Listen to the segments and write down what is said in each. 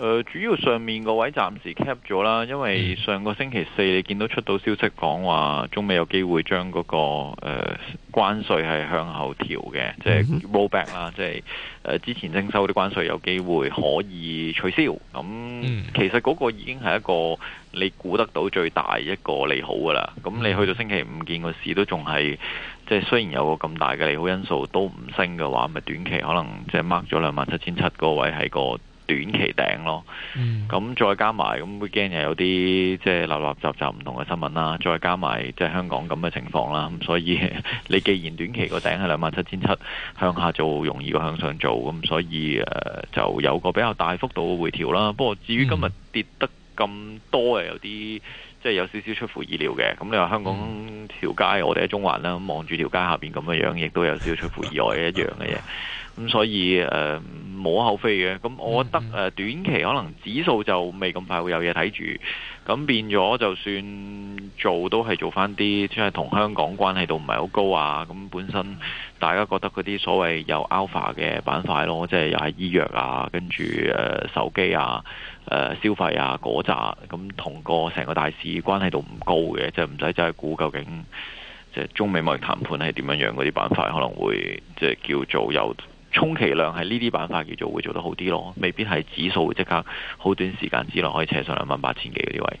呃、主要上面個位暫時 cap 咗啦，因為上個星期四你見到出到消息講話，中美有機會將嗰、那個、呃、關稅係向後調嘅，即係 roll back 啦，即係、呃、之前徵收啲關稅有機會可以取消。咁其實嗰個已經係一個你估得到最大一個利好噶啦。咁你去到星期五見個市都仲係，即係雖然有個咁大嘅利好因素都唔升嘅話，咪短期可能即係 mark 咗兩萬七千七個位喺個。短期頂咯，咁再加埋，咁 again 又有啲即係雜雜唔同嘅新聞啦，再加埋即係香港咁嘅情況啦，咁所以你既然短期個頂係兩萬七千七，向下做容易過向上做，咁所以誒就有個比較大幅度嘅回調啦。不過至於今日跌得，咁多嘅有啲即係有少少出乎意料嘅，咁你話香港條街，我哋喺中環啦，望住條街下邊咁嘅樣，亦都有少少出乎意外一樣嘅嘢，咁所以誒無可厚非嘅。咁我覺得誒短期可能指數就未咁快會有嘢睇住，咁變咗就算做都係做翻啲即係同香港關係度唔係好高啊。咁本身大家覺得嗰啲所謂有 alpha 嘅板塊咯，即係又係醫藥啊，跟住、呃、手機啊。誒消費啊，嗰扎咁同個成個大市關係度唔高嘅，就唔使再估究竟即係中美貿易談判係點樣樣，嗰啲板塊可能會即係叫做有，充其量係呢啲板塊叫做會做得好啲咯，未必係指數即刻好短時間之內可以扯上兩萬八千幾嗰啲位。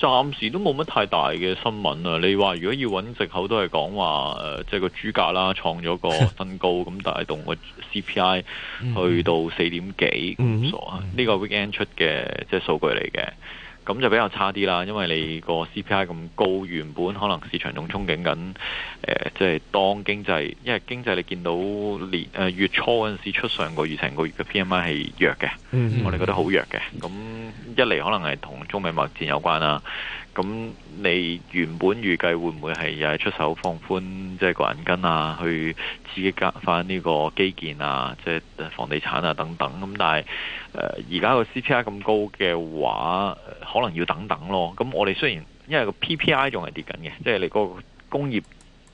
暫時都冇乜太大嘅新聞啊！你話如果要揾藉口都係講話誒即係個豬價啦，創咗個新高，咁 帶動個 CPI 去到四點幾咁啊！呢、 呢個 weekend 出嘅即係數據嚟嘅。咁就比較差啲啦，因為你個 CPI 咁高，原本可能市場仲憧憬緊，即、呃、係、就是、當經濟，因為經濟你見到年、呃、月初嗰陣時出上個月成個月嘅 PMI 係弱嘅，我哋覺得好弱嘅，咁一嚟可能係同中美貿易戰有關啦。咁你原本預計會唔會係又係出手放寬，即係銀根啊，去刺激翻呢個基建啊，即係房地產啊等等。咁但係誒而家個 CPI 咁高嘅話，可能要等等咯。咁我哋雖然因為個 PPI 仲係跌緊嘅，即係你個工業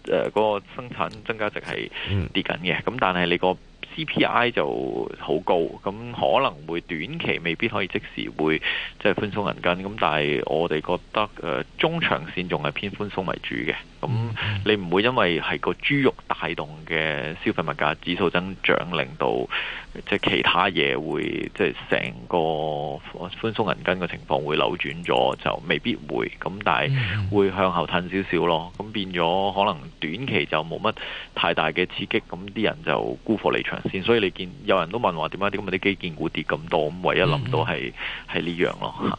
誒嗰個生產增加值係跌緊嘅，咁，嗯，但係你個 CPI 就好高，咁可能會短期未必可以即時會即係寬鬆銀根，咁但係我哋覺得、呃、中長線仲係偏寬鬆為主嘅。咁你唔會因為係個豬肉帶動嘅消費物價指數增長，令到即係其他嘢會即係成個寬鬆銀根嘅情況會扭轉咗，就未必會。咁但係會向後褪少少咯。咁變咗可能短期就冇乜太大嘅刺激，咁啲人就沽貨離場先。所以你見有人都問話點解啲咁啲基建股跌咁多，咁唯一諗到係係呢樣咯。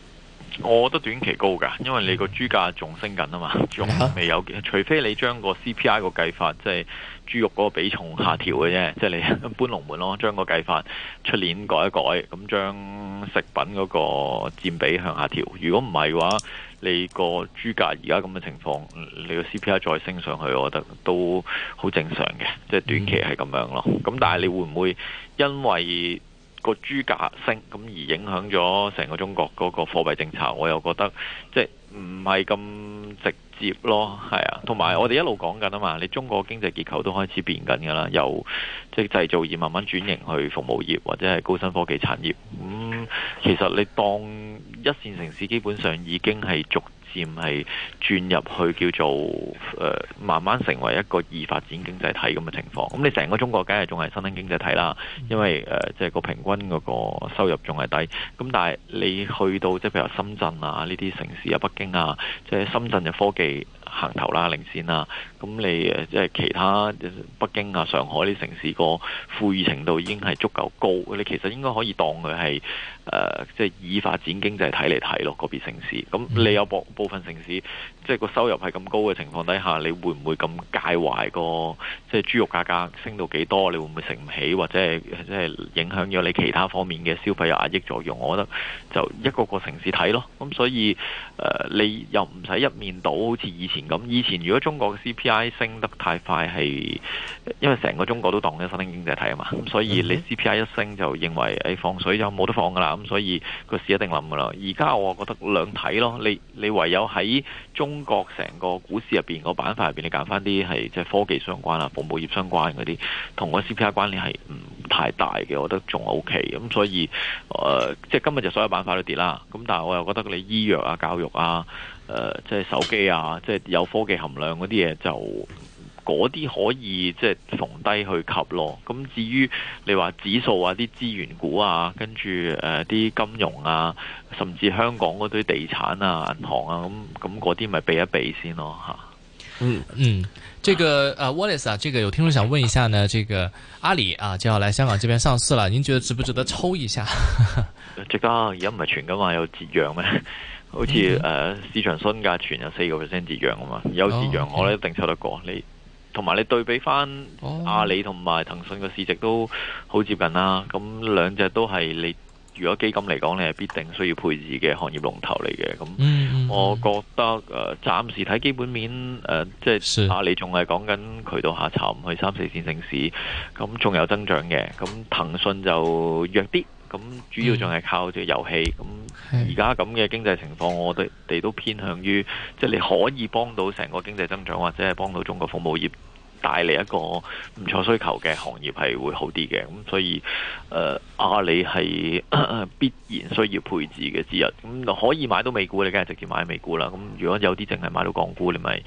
我覺得短期高㗎，因為你個豬價仲升緊啊嘛，仲未有。除非你將個 CPI 個計法，即係豬肉嗰個比重下調嘅啫，即係你搬龍門咯，將個計法出年改一改，咁將食品嗰個佔比向下調。如果唔係嘅話，你個豬價而家咁嘅情況，你個 CPI 再升上去，我覺得都好正常嘅，即係短期係咁樣咯。咁但係你會唔會因為個豬價升咁而影響咗成個中國嗰個貨幣政策，我又覺得即係唔係咁直接咯，係啊。同埋我哋一路講緊啊嘛，你中國經濟結構都開始變緊㗎啦，由即係製造業慢慢轉型去服務業或者係高新科技產業。咁、嗯、其實你當一線城市基本上已經係逐漸係轉入去叫做誒、呃，慢慢成為一個已發展經濟體咁嘅情況。咁你成個中國梗係仲係新興經濟體啦，因為誒，即係個平均嗰個收入仲係低。咁但係你去到即係譬如深圳啊呢啲城市啊，北京啊，即係深圳嘅科技。行頭啦、領先啦，咁你即係其他北京啊、上海啲城市個富裕程度已經係足夠高，你其實應該可以當佢係誒即係以發展經濟睇嚟睇咯，看看個別城市。咁你有部部分城市，即係個收入係咁高嘅情況底下，你會唔會咁介懷個即係豬肉價格升到幾多？你會唔會食唔起，或者係即係影響咗你其他方面嘅消費有壓抑作用？我覺得就一個個城市睇咯。咁、嗯、所以誒、呃、你又唔使一面倒，好似以前咁。以前如果中國嘅 CPI 升得太快是，係因為成個中國都當咗新經濟體啊嘛。咁、嗯、所以你 CPI 一升就認為誒、欸、放水就冇得放噶啦。咁、嗯、所以個市一定冧噶啦。而家我覺得兩睇咯。你你唯有喺中。中國成個股市入邊個板塊入邊，你揀翻啲係即係科技相關啊、服務業相關嗰啲，同個 CPR 關聯係唔太大嘅，我覺得仲 OK 咁。所以誒、呃，即係今日就所有板塊都跌啦。咁但係我又覺得你醫藥啊、教育啊、誒、呃、即係手機啊，即係有科技含量嗰啲嘢就。嗰啲可以即係逢低去吸咯。咁至於你話指數啊、啲資源股啊，跟住誒啲金融啊，甚至香港嗰堆地產啊、銀行啊，咁咁嗰啲咪避一避先咯吓。嗯嗯，這個阿、啊、Wallace 啊，這個有聽眾想問一下呢，這個阿里啊就要來香港這邊上市啦，您覺得值不值得抽一下？值得？而家唔係全㗎嘛，有折讓咩？ 好似誒、呃、市場新價全有四個 percent 折讓啊嘛，有折讓我咧、oh, okay. 一定抽得過你。同埋你對比翻阿里同埋騰訊嘅市值都好接近啦，咁兩隻都係你如果基金嚟講，你係必定需要配置嘅行業龍頭嚟嘅。咁我覺得誒，暫時睇基本面，嗯嗯、呃、即係阿里仲係講緊渠道下沉去三四線城市，咁仲有增長嘅。咁騰訊就弱啲。咁主要仲係靠隻遊戲，咁而家咁嘅經濟情況，我哋都偏向於即係你可以幫到成個經濟增長或者係幫到中國服務業帶嚟一個唔錯需求嘅行業係會好啲嘅。咁所以，誒，阿里係必然需要配置嘅之一。咁可以買到美股，你梗係直接買美股啦。咁如果有啲淨係買到港股，你咪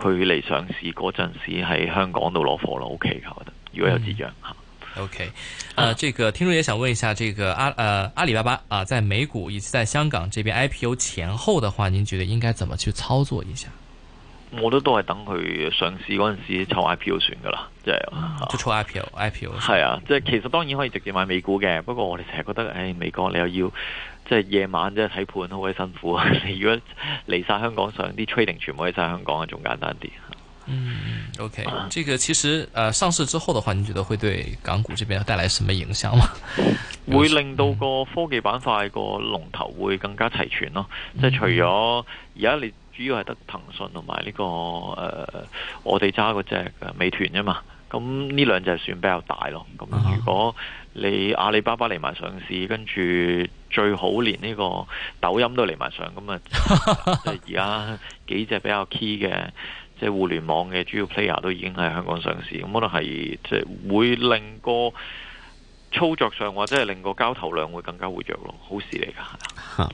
距離上市嗰陣時喺香港度攞貨咯。O K. 噶，我覺得如果有資樣吓。O、okay. K，、uh, 啊，這個聽眾也想問一下，這個阿，呃，阿里巴巴啊，在美股以及在香港這邊 I P O 前後的話，您覺得應該怎麼去操作一下？我都都係等佢上市嗰陣時抽 I P O 算噶啦，即係就抽、是嗯、I P O，I P O 係啊，即係、啊就是、其實當然可以直接買美股嘅，不過我哋成日覺得，誒、哎，美國你又要即係、就是、夜晚即係睇盤，好鬼辛苦啊！你 如果嚟晒香港上啲 trading，全部喺晒香港啊，仲簡單啲。嗯，OK，呢個其實，呃，上市之後嘅話，你覺得會對港股呢邊帶來什麼影響嗎？會令到個科技板塊個龍頭會更加齊全咯。嗯、即係除咗而家你主要係得騰訊同埋呢個，誒、呃，我哋揸嗰隻美團吖嘛。咁呢兩隻算比較大咯。咁、嗯、如果你阿里巴巴嚟埋上市，跟住最好連呢個抖音都嚟埋上，咁啊，而家幾隻比較 key 嘅。 即係互聯網嘅主要 player 都已經喺香港上市，咁可能係即係會令個操作上或者係令個交投量會更加活躍咯，好事嚟㗎。吓，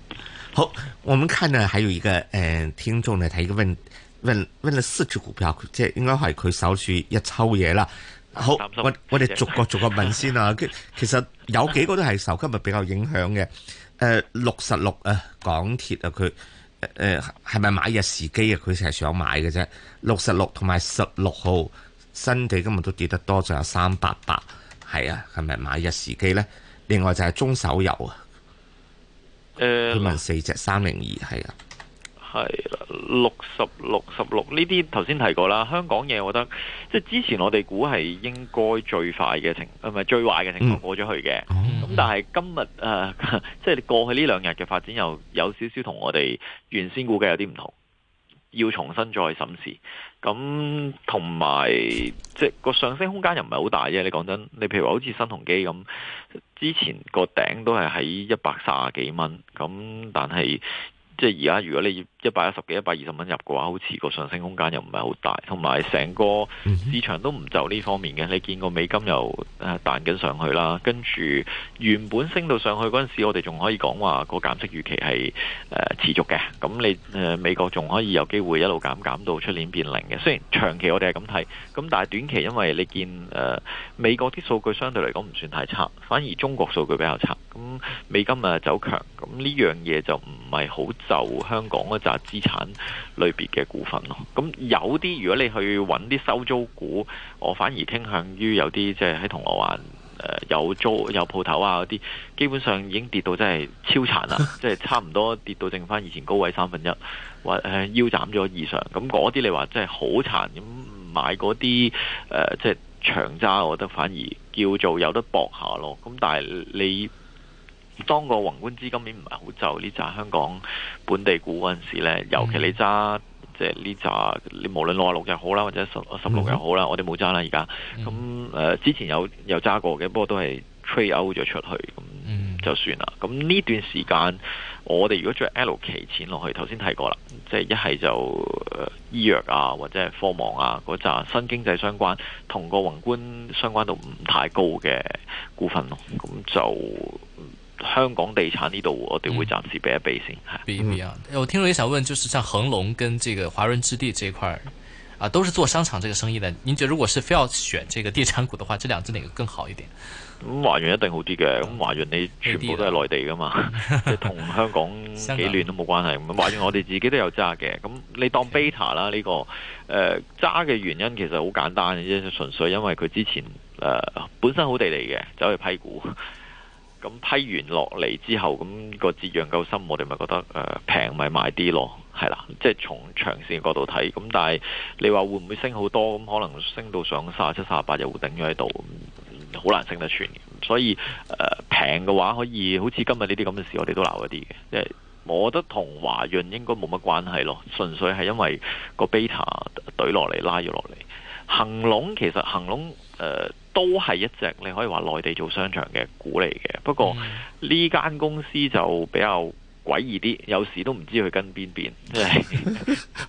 好，我們看咧，還有一個誒、呃、聽眾咧，他一個問，問問了四隻股票，即係應該係佢手處一抽嘢啦。好，我我哋逐個逐個問先啊。 其實有幾個都係受今日比較影響嘅，誒六十六啊，港鐵啊，佢。誒係咪買日時機啊？佢成日想買嘅啫。六十六同埋十六號新地今日都跌得多，仲有三八八，係啊，係咪買日時機呢？另外就係中手游。嗯、302，啊。佢問四隻三零二係啊。係六十六十六呢啲，頭先提過啦。香港嘢，我覺得即係之前我哋估係應該最快嘅情，唔係最壞嘅情況過咗去嘅。咁、嗯、但係今日誒、呃，即係過去呢兩日嘅發展，又有少少同我哋原先估計有啲唔同，要重新再審視。咁同埋即係個上升空間又唔係好大啫。你講真，你譬如話好似新鴻基咁，之前個頂都係喺一百卅幾蚊，咁但係，即係而家，如果你一百一十幾、一百二十蚊入嘅話，好似個上升空間又唔係好大，同埋成個市場都唔就呢方面嘅。你見個美金又彈緊上去啦，跟住原本升到上去嗰陣時，我哋仲可以講話個減息預期係、呃、持續嘅。咁你、呃、美國仲可以有機會一路減減到出年變零嘅。雖然長期我哋係咁睇，咁但係短期因為你見、呃、美國啲數據相對嚟講唔算太差，反而中國數據比較差。咁美金誒走強，咁呢樣嘢就唔係好。就香港嗰紮資產類別嘅股份咯，咁有啲如果你去揾啲收租股，我反而傾向於有啲即係喺銅鑼灣有租有鋪頭啊嗰啲，基本上已經跌到真係超殘啦，即係差唔多跌到剩返以前高位三分一或腰斬咗以上，咁嗰啲你話真係好殘，咁買嗰啲即係長揸，我覺得反而叫做有得搏下咯，咁但係你。當個宏觀資金面唔係好就呢扎香港本地股嗰陣時呢，尤其你揸即係呢扎，你無論六啊六又好啦，或者十十六又好啦，我哋冇揸啦而家。咁誒，之前有有揸過嘅，不過都係 trade out 咗出去，咁就算啦。咁呢段時間，我哋如果再 l 期錢落去，頭先提過啦，即係一係就醫藥啊，或者係科網啊嗰扎新經濟相關，同個宏觀相關度唔太高嘅股份咯，咁就。香港地產呢度，我哋會暫時避一避先。唔一樣，我聽住，你想問，就是像恒隆跟這個華潤置地這塊，啊，都是做商場這個生意的。您覺得，如果是非要選這個地產股的話，這兩隻哪個更好一點？咁華潤一定好啲嘅，咁華潤你全部都係內地噶嘛，即同香港幾亂都冇關係。咁華潤我哋自己都有揸嘅，咁你當 beta 啦呢、這個，誒揸嘅原因其實好簡單嘅，純粹因為佢之前誒、呃、本身好地利嘅，走去批股。咁批完落嚟之後，咁、個折讓夠深，我哋咪覺得平咪、呃、賣啲咯，係啦。即、就、係、是、從長線角度睇，咁但係你話會唔會升好多？咁可能升到上三十七、三十八又會頂咗喺度，好難升得全。所以平嘅、呃、話，可以好似今日呢啲咁嘅事，我哋都鬧一啲嘅。即係我覺得同華潤應該冇乜關係咯，純粹係因為個 beta 對落嚟拉咗落嚟。恒隆其實恒隆誒都係一隻你可以話內地做商場嘅股嚟嘅，不過呢間公司就比較詭異啲，有時都唔知佢跟邊邊，即係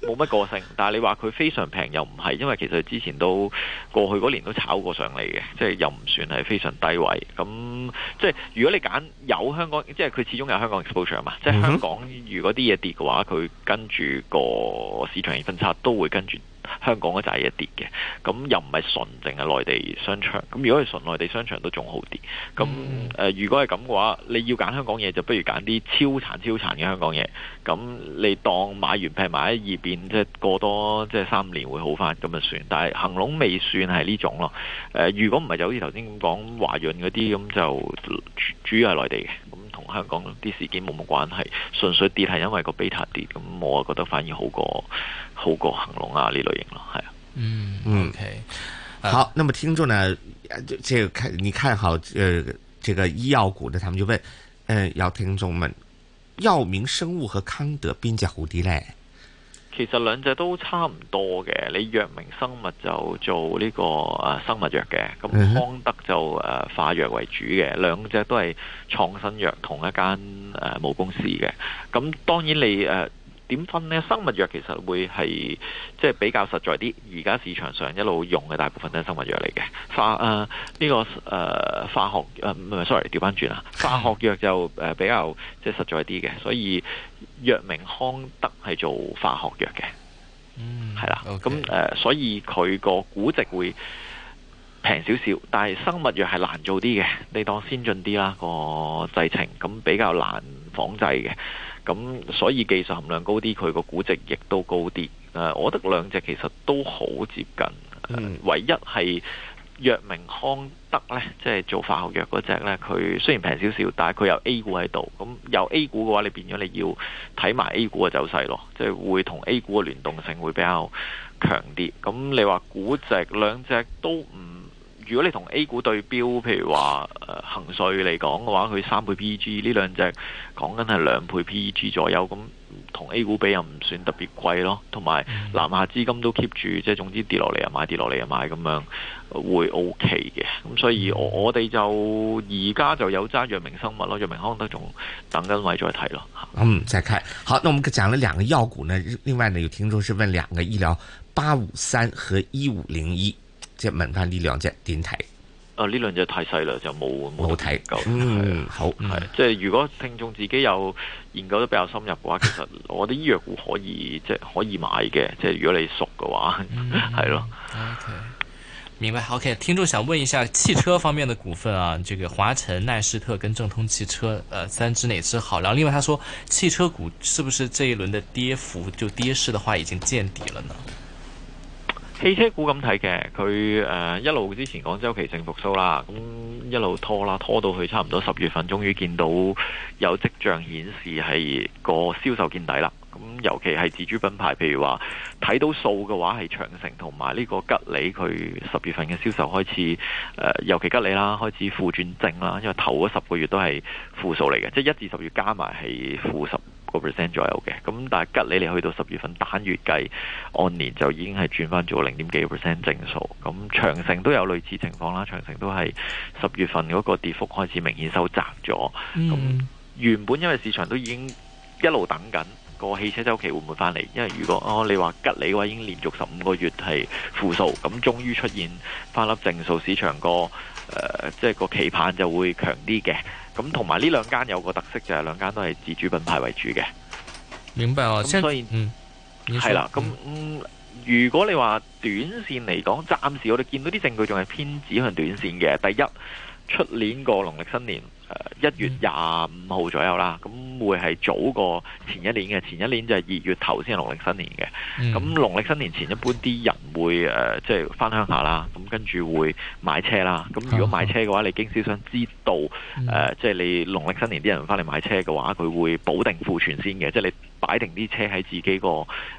冇乜個性。但係你話佢非常平又唔係，因為其實之前都過去嗰年都炒過上嚟嘅，即係又唔算係非常低位。咁即係如果你揀有香港，即係佢始終有香港 exposure 嘛，嗯、即係香港如果啲嘢跌嘅話，佢跟住個市場分差都會跟住。香港嘅就係一跌嘅，咁又唔係純淨嘅內地商場，咁如果係純內地商場都仲好啲，咁誒、呃，如果係咁嘅話，你要揀香港嘢，就不如揀啲超殘超殘嘅香港嘢，咁你當買完譬如買二變，即係過多即係三年會好翻咁就算，但係恒隆未算係呢種咯，誒、呃，如果唔係就好似頭先咁講華潤嗰啲咁就主要係內地嘅。香港啲事件冇乜關係，純粹跌係因為個 beta 跌，咁我覺得反而好過好過恒隆啊呢類型咯，係啊。嗯、okay. 好，那麼聽眾呢，這個看你看好，呃、這個，這個醫藥股的，他們就問，嗯、呃，要聽眾們，藥明生物和康德邊家好啲咧？其實兩隻都差唔多嘅，你藥明生物就做呢、這個、啊、生物藥嘅，咁康德就誒、啊、化藥為主嘅，兩隻都係創新藥同一間誒母公司嘅，咁當然你誒。啊點分呢？生物藥其實會係即係比較實在啲，而家市場上一路用嘅大部分都係生物藥嚟嘅化啊，呢、呃呢個誒、呃、化學誒唔係 sorry，調翻轉啊，化學藥就誒比較即係實在啲嘅，所以藥明康德係做化學藥嘅，嗯，係啦，咁、okay. 誒、嗯，所以佢個估值會平少少，但係生物藥係難做啲嘅，你當先進啲啦、個製程，咁比較難仿製嘅。咁所以技術含量高啲，佢個估值亦都高啲。誒，uh，我覺得兩隻其實都好接近，uh, 唯一係藥明康德咧，即係做化學藥嗰隻咧，佢雖然平少少，但係佢有 A 股喺度。咁有 A 股嘅話，你變咗你要睇埋 A 股嘅走勢咯，即係會同 A 股嘅聯動性會比較強啲。咁你話估值兩隻都唔？如果你同 A 股對標，譬如話恒瑞嚟講嘅話，佢三倍 PEG，呢兩隻講緊係兩倍 PEG 左右，咁同 A 股比又唔算特別貴咯。同埋南下資金都 keep 住，即係總之跌落嚟又買，跌落嚟又買咁樣，會 OK 嘅。咁所以我哋就而家就有揸藥明生物咯，藥明康德仲等緊位再睇咯。嗯，再開。好，那我們講了兩個藥股呢，另外呢有聽眾是問兩個醫療，八五三和一五零一。即係問翻呢兩隻點睇？啊，呢兩隻太細啦，就冇冇睇夠。嗯，好，係即係如果聽眾自己有研究得比較深入嘅話，其實我覺得醫藥股可以即係 可以買嘅，即係如果你熟嘅話，係、嗯、咯。Okay. 明白。OK，聽眾想問一下汽車方面嘅股份啊，這個華晨、耐世特跟正通汽車，誒、呃，三隻哪隻好？然後另外他說，汽車股是不是這一輪的跌幅就跌勢的話已經見底了呢？汽車股咁睇嘅，佢、呃、一路之前講周期性復甦啦，咁一路拖啦，拖到去差唔多十月份，終於見到有跡象顯示係個銷售見底啦。咁尤其係自主品牌，譬如話睇到數嘅話，係長城同埋呢個吉利，佢十月份嘅銷售開始、呃、尤其吉利啦，開始負轉正啦，因為頭嗰十個月都係負數嚟嘅，即係一至十月加埋係負十。個 percent 左右嘅，咁但係吉利你去到十月份單月計，按年就已經係轉翻做零點幾個 percent 正數。咁長城都有類似情況啦，長城都係十月份嗰個跌幅開始明顯收窄咗。咁、嗯、原本因為市場都已經一路等緊個汽車周期會唔會翻嚟？因為如果哦你話吉利嘅話，已經連續十五個月係負數，咁終於出現翻粒正數，市場個誒即係個期盼就會強啲嘅。咁同埋呢兩間有，兩有個特色就係兩間都係自主品牌為主嘅，明白啊。所以嗯，係啦。咁、嗯嗯、如果你話短線嚟講，暫時我哋見到啲證據仲係偏指向短線嘅。第一。出年個農曆新年，一月廿五號左右啦，咁會係早過前一年嘅，前一年就係二月頭先係農曆新年嘅。咁農曆新年前一般啲人會誒，即係翻鄉下啦，咁跟住會買車啦。咁如果買車嘅話，你經銷商知道即係、呃就是、你農曆新年啲人翻嚟買車嘅話，佢會保定庫存先嘅，即係你。擺定啲車喺自己個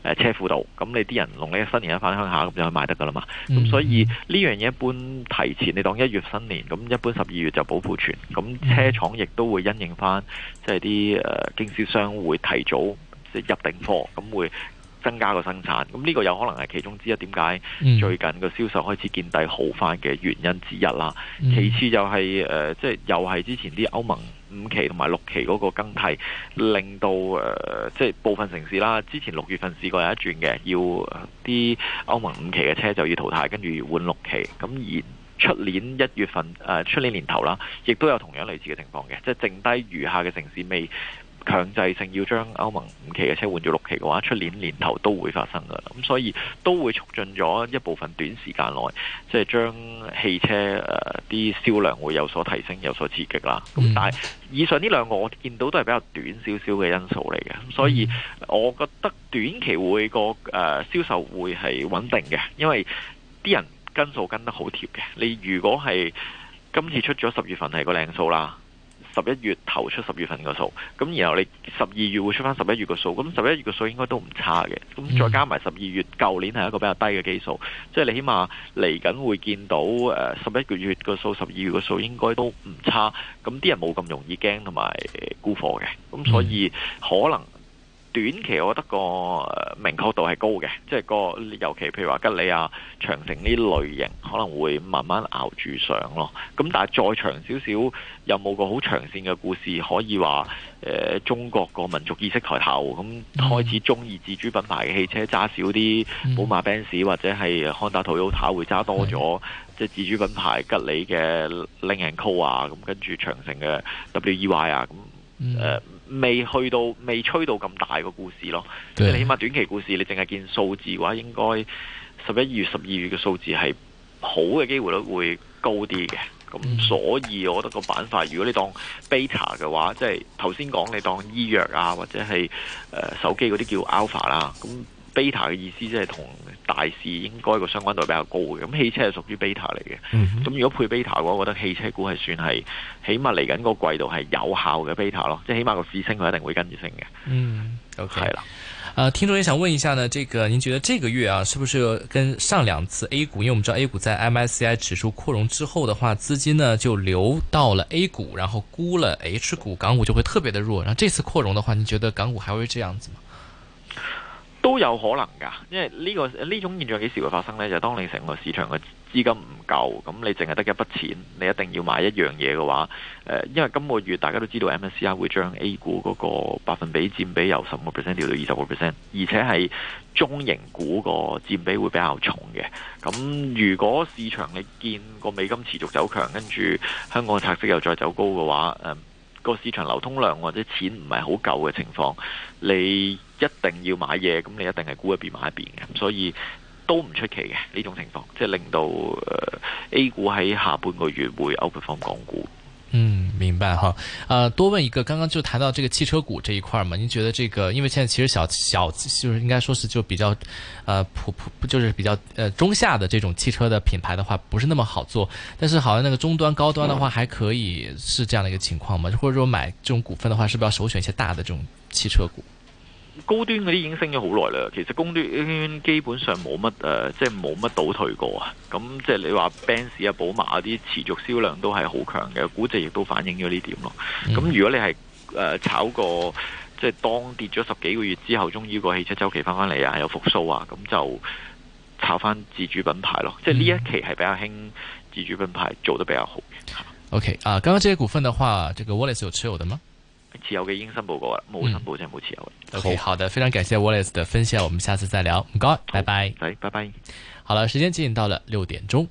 誒車庫度，咁你啲人用呢新年一翻鄉下，咁就去賣得噶啦嘛。咁、嗯、所以呢樣嘢一般提前，你當一月新年，咁一般十二月就保庫存。咁車廠亦都會因應翻，即係啲誒經銷商會提早即係入定貨，咁會增加個生產。咁呢個有可能係其中之一。點解最近個銷售開始見底好翻嘅原因之一啦、嗯？其次就係、是、誒，即、呃、係、就是、又係之前啲歐盟。五期同埋六期嗰個更替，令到、呃、即係部分城市啦，之前六月份試過有一轉嘅，要啲歐盟五期嘅車就要淘汰，跟住換六期。咁而出年一月份、呃、出年年頭啦，亦都有同樣類似嘅情況嘅，即係剩低餘下嘅城市未，強制性要將歐盟五期嘅車換做六期嘅話，出年年頭都會發生噶，咁所以都會促進咗一部分短時間內，即係將汽車誒啲銷量會有所提升，有所刺激啦。咁但係以上呢兩個我見到都係比較短少少嘅因素嚟嘅，所以我覺得短期會個誒銷售會係穩定嘅，因為啲人跟數跟得好貼嘅。你如果係今次出咗十月份係個靚數啦。十一月投出十月份個數，咁然後你十二月會出翻十一月個數，咁十一月個數應該都唔差嘅，咁再加埋十二月舊年係一個比較低嘅基數，即係你起碼嚟緊會見到誒十一月個數、十二月個數應該都唔差，咁啲人冇咁容易驚同埋沽貨嘅，咁所以可能。短期我覺得個明確度係高嘅，即係個尤其譬如話吉利啊、長城呢類型可能會慢慢熬住上咯。咁但係再長少少，又有冇個好長線嘅故事可以話？誒、呃，中國個民族意識抬頭，咁開始中意自主品牌嘅汽車揸少啲，寶、嗯、馬、Benz 或者係 Honda、Toyota 會揸多咗，即係自主品牌吉利嘅 Lynk & Co 啊，咁跟住長城嘅 WEY、呃、啊，咁、嗯未去到，未吹到咁大個故事咯。即你起碼短期故事，你淨係見數字嘅話，應該十一月、十二月嘅數字係好嘅機會率會高啲嘅。咁所以我覺得個板塊，如果你當 beta 嘅話，即係頭先講你當醫藥啊，或者係誒、呃、手機嗰啲叫 alpha 啦。咁 beta 嘅意思即係同大市應該個相關度比較高嘅，咁汽車係屬於 beta 嚟嘅。咁、嗯、如果配 beta 嘅話，我覺得汽車股係算係起碼嚟緊個季度係有效嘅 beta 咯，即係起碼個市升佢一定會跟住升嘅。嗯、好、okay, 係啦，誒、呃，聽眾也想問一下呢，這個您覺得這個月啊，是不是跟上兩次 A 股？因為我們知道 A 股在 MSCI 指數擴容之後的話，資金呢就流到了 A 股，然後沽了 H 股、港股就會特別的弱。然後這次擴容的話，你覺得港股還會這樣子嗎？都有可能噶，因為呢、呢個呢種現象幾時會發生呢？就係、當你成個市場嘅資金唔夠，咁你淨係得一筆錢，你一定要買一樣嘢嘅話，誒、呃，因為今個月大家都知道 MSCI 會將 A 股嗰個百分比占比由十五個 percent 調到二十個 percent，而且係中型股個佔比會比較重嘅。咁如果市場你見個美金持續走強，跟住香港嘅拆息又再走高嘅話，個、呃那個市場流通量或者錢唔係好夠嘅情況，你。一定要買嘢，咁你一定係估一邊買一邊嘅，所以都唔出奇嘅呢種情況，即係令到 A 股喺下半個月會 open 返港股。嗯，明白哈。啊、呃，多問一個，剛剛就談到這個汽車股這一塊嘛，你覺得這個，因為現在其實小小，就是應該說是就比較，呃，普普，就是比較，呃，中下的這種汽車的品牌的話，不是那麼好做，但是好像那個中端、高端的話還可以，是這樣的一個情況嘛？或、嗯、者說買這種股份的話，是不是要首選一些大的這種汽車股？高端嗰啲已經升咗好耐啦，其實高端基本上冇乜誒，即係冇乜倒退過啊。咁即係你話 Benz 啊、寶馬嗰啲持續銷量都係好強嘅，估值亦都反映咗呢點咯。咁、嗯、如果你係誒炒過即係當跌咗十幾個月之後，終於個汽車周期翻翻嚟啊，有復蘇啊，咁就炒翻自主品牌咯、嗯。即係呢一期係比較興自主品牌做得比較好。OK 啊，剛剛這些股份的話，這個 Wallace 有持有的嗎？持有嘅應申報告啊，冇申報就係冇持有嘅、嗯。OK，好的，非常感謝 Wallace 嘅分享，我們下次再聊。唔該，拜拜，拜拜。好了，時間接近到了六點鐘。